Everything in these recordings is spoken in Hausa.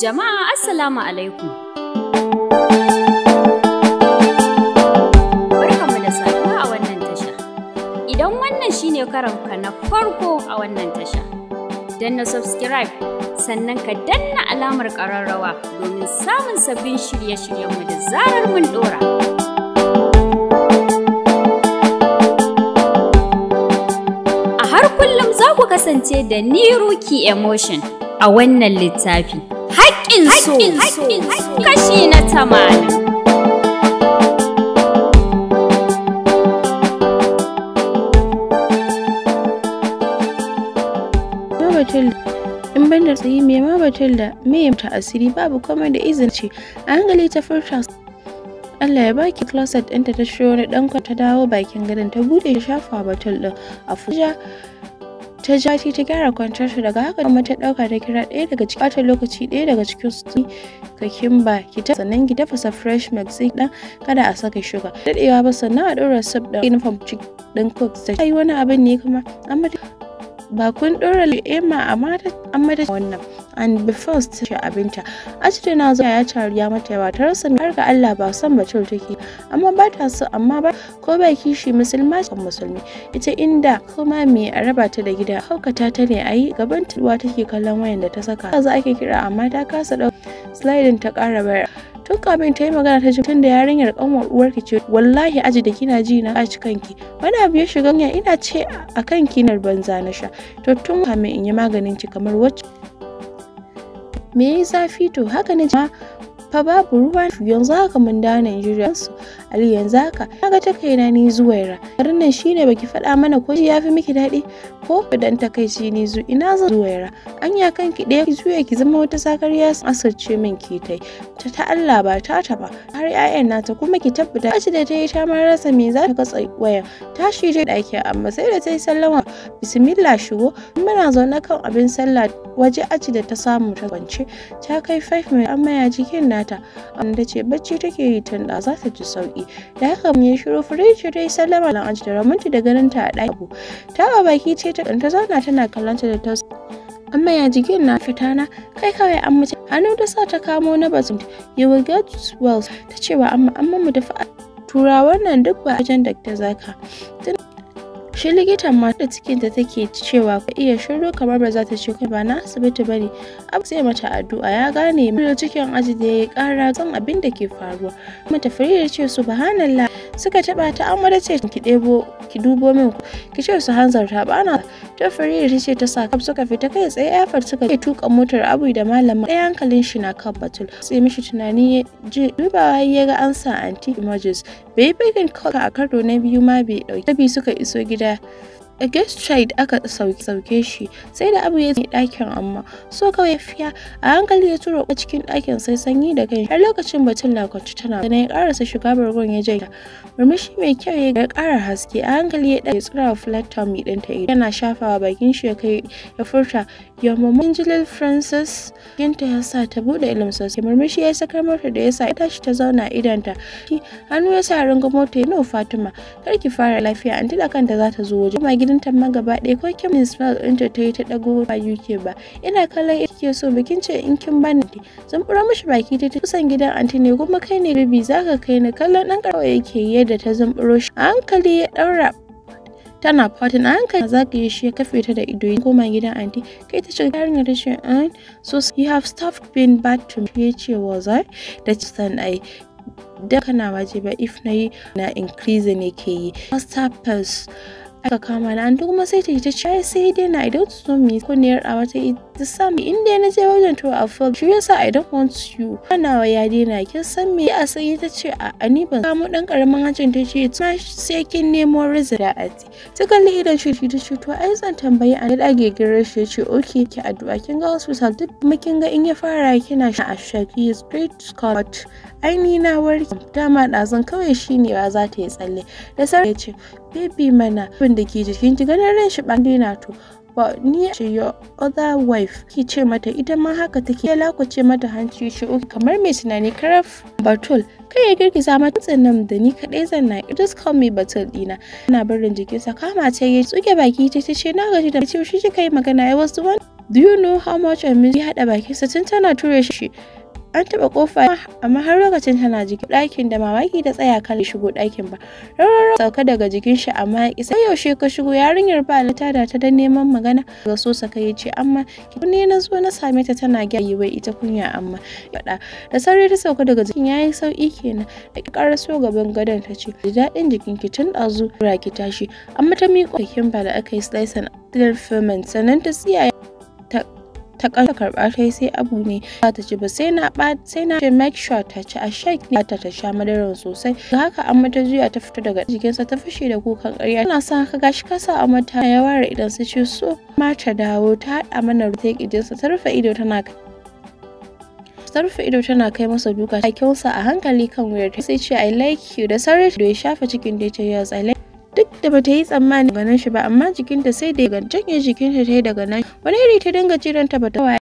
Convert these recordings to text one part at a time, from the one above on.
Jama'a Assalamu alaikum. Barkanmu da saduwa a wannan tasha. Idan wannan shine ka na farko a wannan tasha, na subscribe sannan ka danna alamar ƙararrawa domin samun sabbin shirye-shiryenmu da zarar mun ɗora. A har kullum za ku kasance da ni Ruki Emotion a wannan littafi. haƙƙin so kashi na tamanin. in ban da tsayi mai ma batul da mai ta asiri babu komai da izin ce a hankali ta furta Allah ya baki closet ɗinta ta shiyo na ɗanka ta dawo bakin gadon ta bude shafa batul ɗin a fuja ta ja shi ta gyara kwantar shi daga haka kuma ta dauka ta kira ɗaya daga cikin ɓata lokaci ɗaya daga cikin su ka kimba ki ta sannan ki tafasa fresh milk sai dan kada a saka shuga dadewa ba sannan a ɗora sub da uniform din cook ta yi wani abin ne kuma amma ba kun dora lema amma ta wannan and be first ce abinta ashire na zuwa ya cari ya mata yawa ta rasa har ga Allah ba son batul take amma ba ta so amma ba ko ba kishi musulma ce musulmi ita inda kuma me a raba ta da gida haukata ta ne ayi gaban tuwa take kallon wayan da ta saka za ake kira amma ta kasa dau sliding ta kara bayar tun kafin ta yi magana ta ji da yarinyar kanwar uwarki ce wallahi aji da kina ji na kaci kanki wani abu ya shiga ina ce a kanki na banza na sha to tun kamin in yi maganin ki kamar wacce me yi zafi to haka na ma fa babu ruwa yanzu haka mun dawo Najeriya su Ali yanzu haka kaga ta kaina ni zuwaira garin nan shine baki faɗa mana ko ya fi miki daɗi ko dan takaici ne zu ina zan ya kan ki ɗaya ki juya ki zama wata ya sakariya asirce min ki tai ta ta Allah ba ta ta ba har 'ya'yan nata kuma ki tabbata aci da ta yi ta rasa me za ta katsa waya tashi je ɗaki amma sai da ta yi sallama bismillah shigo muna zaune kan abin sallah waje aci da ta samu ta kwance ta kai 5 mai amma ya jikin nata amma ce bacci take yi tun da za ta ji sauki da haka mun yi shiru firiji ta yi sallama lan aji da ramunta da ganin ta a ɗaki ta baki ce ta ta zauna tana kallonta da tausa amma ya jigin na fita na kai kawai an mace hannu da sa ta kamo na bazum you will get well ta cewa amma amma mu tafi tura wannan duk ba wajen da ta zaka shi likitan mata cikin ta take cewa ka iya shiru kamar ba za ta ce ba na asibiti bane abu sai mata addu'a ya gane mu cikin aji da ya kara zan abin da ke faruwa mata farida ce subhanallah suka taba ta amma da ce ki ɗebo. ki dubo min ki ce su hanzar ba bana ta farida ta ce ta sa kaf suka fita kai tsaye airport suka tuka motar abu da malama ɗaya hankalin shi na kan batul sai mishi tunani ya ji dubawa ya ga an sa anti images bai yi bakin a karo na biyu ma bai ɗauki tabi suka iso gida a guest child aka sauke shi sai da abu ya tsaye dakin amma so kawai fiya a hankali ya tura a cikin dakin sai sanyi da kai har lokacin batun na kwanci tana da ya karasa shiga bargon ya janya murmushi mai kyau ya karar haske a hankali ya dace tsura wa flat tom ɗinta ido yana shafawa bakin shi ya kai ya furta Your mom Angela Francis ginta ya sa ta bude ilim sosai murmushi ya sakar mata da ya sa ita shi ta zauna idanta. Hannu ya sa ringa mota no Fatima kar ki fara lafiya anti da kanta za ta zo waje kuma gidanta ma gaba ɗaya ko kin smell ɗinta ta yi ta dago ba UK ba. Ina kallon ita ke so bikin ce in kin bani zan fura mishi baki ta kusan gidan anti ne kuma kai ne bibi zaka kai ni kallon dan karawa yake yadda ta zumburo shi. A hankali ya daura tana fatan a hankali zagaye shi ya kafe ta da ido ya koma gidan anti kai ta shiga yarinya da shi an so you have stopped being bad to me ya ce wa I da san ai da kana waje ba if na yi na increase ne ke yi first aka kama na an ma sai ta yi ta ci sai dai na idan su zo ko kunniyar a wata ta sami inda na je wajen to a fil shi yasa i don't want you wa ya na kin san me a sai ta ce a ani ban samu dan karamin hancin ta ce ta sai kin nemo rizu da ati ta kalli idan shi ta ce to ai zan tambayi a da gegirar shi ce okay ki addu'a kin ga hospital duk kuma kin ga in ya fara kina shi a shaki straight scott aini na warke dama ɗazun kawai shi ne ba za ta yi tsalle da sauri ya ce baby mana abin da ke jikin ki ganin ran shi ɓan dina to ba ni ce your other wife ki ce mata ita ma haka take ya lakwace mata hanci shi uku kamar mai tunani karaf batul kai ya girgiza mata nan da ni kadai zanna just call me batul dina ina barin jikinsa kama ce ya tsuke baki ta ce na gaji da ce shi kika yi magana ya wasu wani do you know how much I miss ya hada bakinsa tun tana ture shi an taɓa kofa amma har lokacin tana jikin ɗakin da mamaki da tsaya kan shigo ɗakin ba rarrarra sauka daga jikin shi amma ya isa yaushe ka shigo yarinyar ba ta da ta dan neman magana ga so saka ya ce amma ne na zo na same ta tana gyayi bai ita kunya amma faɗa da sauri ta sauka daga jikin yayi sauki kenan da ƙarar so gaban gadon ta ce da daɗin jikin ki tun ɗazu ki tashi amma ta miƙo ba da aka yi slice and filament sannan ta tsiyaye ta ƙara karɓa ta sai abu ne ba ta ci ba sai na sai na ce make sure ta ci a shake ne ta ta sha madaran sosai ga haka amma ta juya ta fita daga sa. ta fashe da kukan ƙarya tana sa ka gashi ka sa amma ta ya ware idan su ci so ma ta dawo ta haɗa mana rufe ƙirjinsa ta rufe ido tana ta rufe ido tana kai masa duka kyausa a hankali kan wuyar ta sai ce i like you da sarri da ya shafa cikin da ta yi duk da bata yi tsammani ganin shi ba amma jikinta sai da janye jikinta ta yi daga nan wani iri ta dinga jiran ba ta waye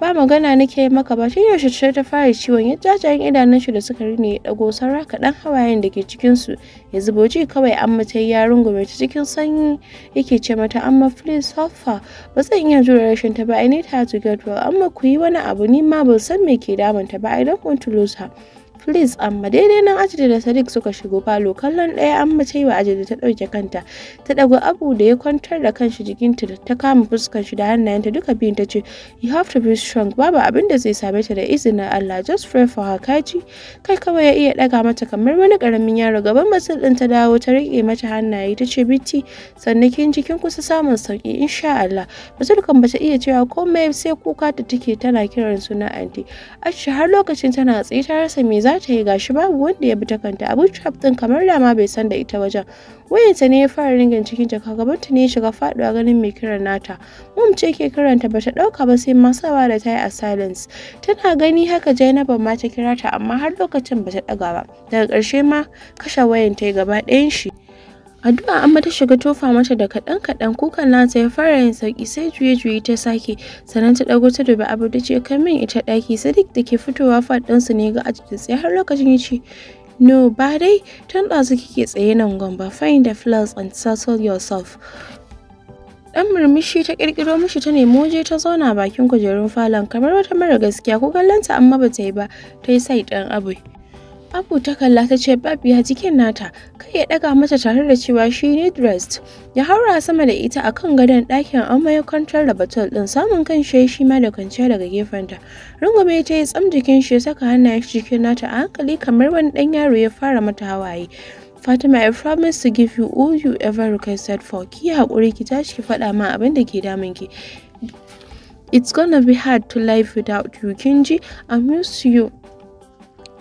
ba magana nake maka ba tun yaushe ce ta fara ciwon ya jajayen idanun shi da suka rine ya dago sarra kaɗan hawayen da ke cikin su ya zubo kawai an mata ya rungume ta cikin sanyi yake ce mata amma please suffer ba zan iya jure rashin ta ba i need her to get well amma ku yi wani abu ni ma ban san me ke damun ta ba i don't want to lose her please amma daidai nan ajidi da sadiq suka shigo falo kallon ɗaya an ta yi wa ajidi ta ɗauke kanta ta ɗago abu da ya kwantar da kanshi jikinta da ta kama fuskar shi da hannayenta duka biyun ta ce you have to be strong babu abin da zai same ta da izinin Allah just pray for her kaji kai kawai ya iya ɗaga mata kamar wani ƙaramin yaro gaban masul ɗin ta dawo ta riƙe mata hannaye ta ce bitti sannan kin jikin ku kusa samun sauki insha Allah masul kan bata iya cewa komai sai kuka ta take tana kiran suna anti ashi har lokacin tana tsaye ta rasa me za za ta yi gashi babu wanda ya bi ta kanta abu trap din kamar dama bai san da ita wajen wayarta ne ya fara ringin cikin jaka ta ne ya shiga faduwa ganin mai kiran nata mum ce ke kiranta bata dauka ba sai masawa da ta yi a silence tana gani haka Jainaban ma ta kira ta amma har lokacin bata daga ba daga karshe ma kashe wayan ta gaba ɗayan shi Addu'a amma ta shiga tofa mata da kaɗan kaɗan kukan nata ya fara yin sauki sai juye juye ta sake sannan ta ɗago ta dubi abu da ce kan min ita ɗaki sadik da ke fitowa su ne ga ajiye tsaye har lokacin ya ce no ba dai tun su kike tsaye nan gwamba find the flaws and settle yourself dan murmushi ta kirkiro mishi ta nemo waje ta zauna bakin kujerun falon kamar wata mara gaskiya ko kallonta amma ba ta yi ba ta yi sai dan abu Abu ta kalla ta ce Bab ya jikin nata, kai ya ɗaga mata tare da cewa shi ne dressed. Ya haura sama da ita a kan gadon ɗakin amma ya kwantar da batul ɗin samun kan shi shi ma da kwanciya daga gefenta. Rungume ta yi tsam jikin shi ya saka hannayen cikin nata a hankali kamar wani dan yaro ya fara mata hawaye. Fatima, I promise to give you all you ever requested for. Ki hakuri ki tashi ki faɗa ma abin da ke damun ki. It's gonna be hard to live without you, Kinji. I miss you.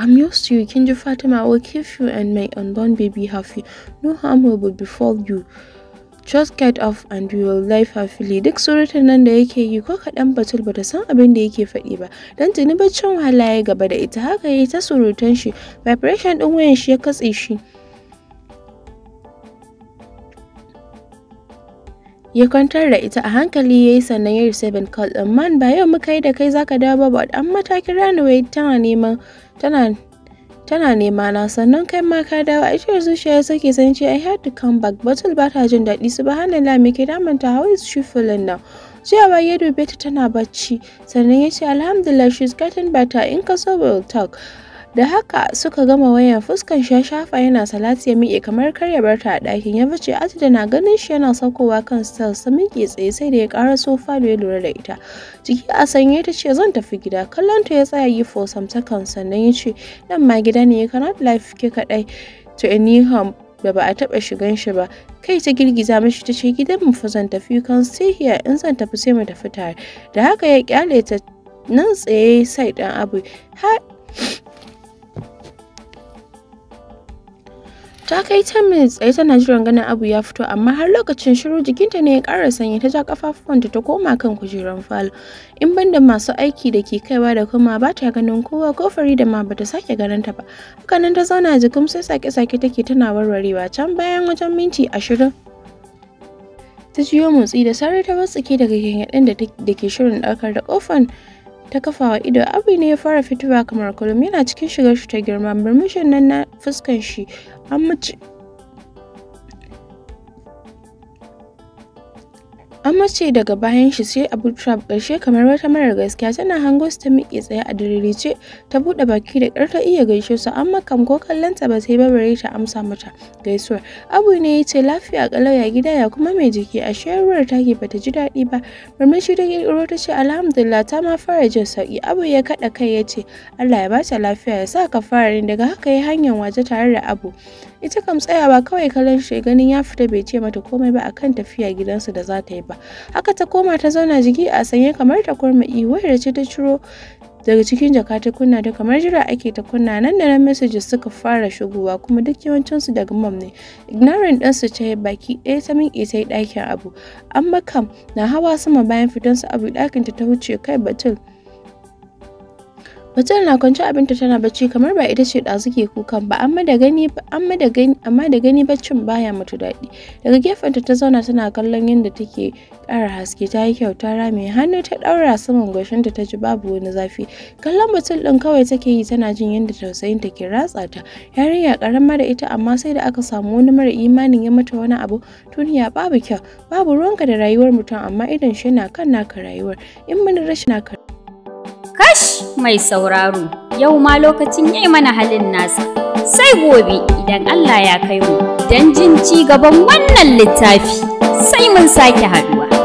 I'm used to you, Kinji Fatima. I will keep you and my unborn baby happy. No harm will befall you. Just get off and we will live happily. Duk surutan nan da yake yi ko kaɗan batul bata san abin da yake faɗi ba. Dan tuni baccin wahala ya gaba da ita haka yayi ta surutan shi. Vibration ɗin wayan shi ya katse shi. ya kwantar da ita a hankali ya yi sannan ya receive call ɗin man ba yau muka yi da kai zaka dawo ba an matakin wai tana neman tana nema na sannan kai ma ka dawo a cikin zuciya ya sake san ce I had to come back battle ba ta jin daɗi hannun me ke damanta how is she feeling now jiyawa ya dube ta tana bacci sannan ya ce alhamdulillah she's getting better in ka so we'll talk Da haka suka gama waya fuskan shashafa yana salati ya miƙe kamar kar ya barta a ɗakin ya fice da na ganin shi yana saukowa kan stars ta miƙe tsaye sai da ya ƙara sofa da ya lura da ita. Jiki a sanye ta ce zan tafi gida kallon ta ya tsaya yi for some seconds sannan ya ce nan ma gida ne cannot life ke kaɗai to anyhow da ba a taɓa shigan shi ba kai ta girgiza mashi ta ce gidan mu fa zan tafi kan stay in zan tafi sai mu tafi tare da haka ya kyale ta nan tsaye sai ɗan abu ta kai 10 minutes tsaye tana jiran ganin abu ya fito amma har lokacin shiru jikinta ne ya kara sanyi ta ja kafafuwanta ta koma kan kujeran falo in banda masu aiki da ke kaiwa da kuma ba ta ganin kowa ko da ma bata sake ganin ta ba hakanan ta zauna jikin sai sake-sake take tana warwarewa can bayan wajen minti ashirin ta jiyo motsi da sarari ta ke daga gangaɗin da ke shirin ɗaukar da kofan. ta kafawa ido abu ne ya fara fitowa kamar kullum yana cikin shigar shi ta girma murmushin nan na fuskan shi an mace An mace daga bayan shi sai Abu Trump ƙarshe kamar wata marar gaskiya tana hango su ta miƙe tsaye a ce ta buɗe baki da ƙar ta iya gaishe su amma kam ko kallon ta ba sai babare ta amsa mata gaisuwar. Abu ne ya ce lafiya ƙalau ya gida ya kuma mai jiki a shayarwar taki bata ji daɗi ba. Murmushi da ƙirƙiro ta ce alhamdulillah ta ma fara jin sauƙi. Abu ya kaɗa kai ya ce Allah ya bata lafiya ya sa ka fara daga haka ya hanyar waje tare da Abu. ita kam tsaya ba kawai kallon shi ganin ya fita bai ce mata komai ba akan tafiya gidansu da za ta yi ba haka ta koma ta zauna jiki a sanye kamar ta kurma wayar ce ta ciro daga cikin jaka ta kunna ta kamar jira ake ta kunna nan da nan messages suka fara shigowa kuma duk yawancinsu daga mom ne ignoring ɗansu ce baki ɗaya ta min ita ɗakin abu amma kam na hawa sama bayan fitan su abu ɗakin ta ta wuce kai batul Matar na kwance abinta tana bacci kamar ba ita ce ɗazu ke kukan ba amma da gani amma da gani amma da gani baccin baya mutu daɗi. Daga gefenta ta zauna tana kallon yadda take ƙara haske ta yi kyauta rami hannu ta ɗaura saman goshinta ta ji babu wani zafi. Kallon mutum ɗin kawai take yi tana jin yadda tausayin ta ke ratsa ta. Yarinya ƙarama da ita amma sai da aka samu wani mara imanin ya mata wani abu duniya babu kyau babu ruwanka da rayuwar mutum amma idan shi na kan naka rayuwar in mun rashin naka. Kash mai sauraro, yau ma lokacin yi mana halin nasa. Sai gobe idan Allah ya kai mu, don jin ci gaban wannan littafi, sai mun sake haduwa.